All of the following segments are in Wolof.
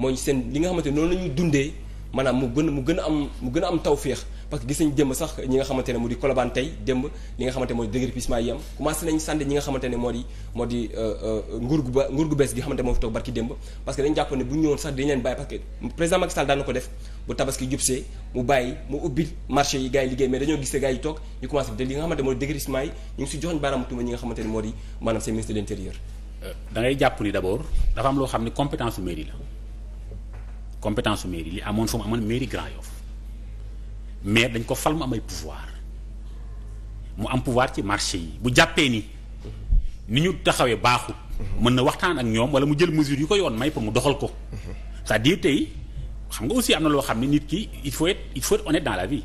mooy seen li nga xamante ne noonu la ñuy dundee maanaam mu gën a am mu gën am tawféex parce que gis nañ démb sax ñi nga xamante ne mu di kolobaan tey démb li nga moo di ne moo di moo di euh, euh, nguur gu ba nguur gu bees gi xamante moo fi toog barki démb parce que dañ jàpp ne bu na ko def bu tabaski jubsee mu bàyyi mu ubbi marché yi gars yi liggéey mais dañoo gisee gars yi toog ñu commencé te li nga xamante moo di déguerpissement yi ñu ngi si joxoñ baaraamu tuuma ñi nga xamante ne moo di maanaam seen ministre de l'intérieur euh, da loo xam ne compétence la compétence su li amoon fa mu amoon mairie Grand Yoff maire dañ ko fal mu am ay pouvoir mu am pouvoir ci marché yi bu jàppee ni ni ñu taxawee baaxut. Mhm. mën na waxtaan ak ñoom wala mu jël mesure yu ko yoon may pour mu doxal ko. Mhm. cest à tey xam nga aussi am na loo xam ne nit ki il faut être faut être honnête dans la vie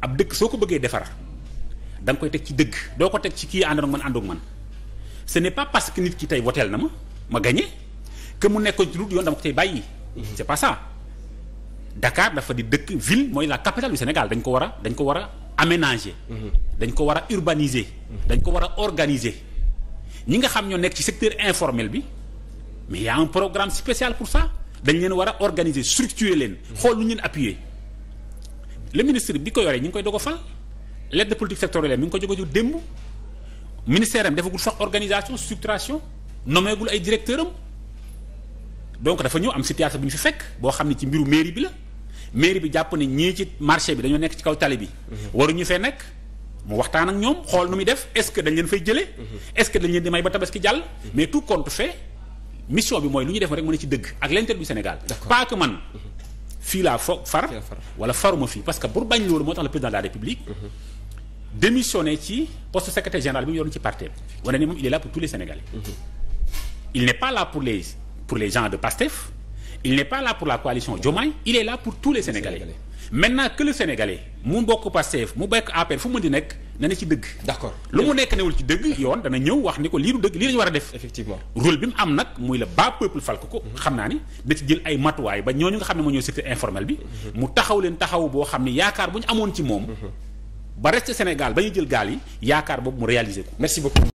ab dëkk soo ko bëggee defar da nga koy teg ci dëgg doo ko teg ci kii àndoon ak man àndoon ak man ce n'est pas parce que nit ki tey woteel na ma ma mu nekkoon ci lu yoon dama ko tey bàyyi. c'est pas ça Dakar dafa di dëkk ville mooy la capital du Sénégal dañ ko war a dañ ko war a aménager mhm. dañ ko war a urbaniser mhm. dañ ko war a organiser ñi nga xam ñoo nekk ci secteur informel bi mais y a un programme spécial pour ça dañ leen war a organiser structurer leen mhm. xool nu leen appuyer le ministre bi ko yoree ñu ngi koy dogo fal l'aide de politique sectorielle mi ngi ko jóg a jóg démb ministère am defagul sax organisation structuration nommeegul ay directeur am donc dafa ñëw am situation bi ñu fi fekk boo xam ne ci mbiru mairie bi la mairie bi jàpp ne ñii ci marché bi dañoo nekk ci kaw tali bi. war mhm. waruñu fee nekk mu waxtaan ak ñoom xool nu muy def est-ce que dañ leen fay jëlee. Mhm. est-ce que dañ leen di may ba tabaski jàll. Mhm. mais tout compte fait mission bi mooy lu ñu def rek mu ne ci dëgg ak l'intérêt du Sénégal. pas fii laa fo far. wala faruma fii parce que pour bañ loolu moo tax le président de ci poste secrétaire général bi mu yoroon ci parti bi. wane ni moom il est là pour tous les Sénégalais. il n'est pas là pour les. pour les gens de PASTEF il n'est pas là pour la coalition Diomaye il est là pour tous les Sénégalais. Sénégalais. maintenant que le Sénégalais mu bokk PASTEF mu bekk APR fu mu nekk na ne ci dëgg. d'accord lu mu nekk newul ci dëgg yoon dana ñëw wax ni ko lii du dëgg lii la war a def. effectivement bi mu am nag muy la bas peuple fal ko mhm. xam naa ni da ci jël ay matuwaay ba ñooñu nga xam ne moo ñëw secteur informel bi. Mhm. mu taxaw leen taxaw boo xam ne yaakaar bu ñu amoon ci moom. Mhm. ba reste Sénégal ba ñu jël gaal yi yaakaar boobu mu réaliser ko. merci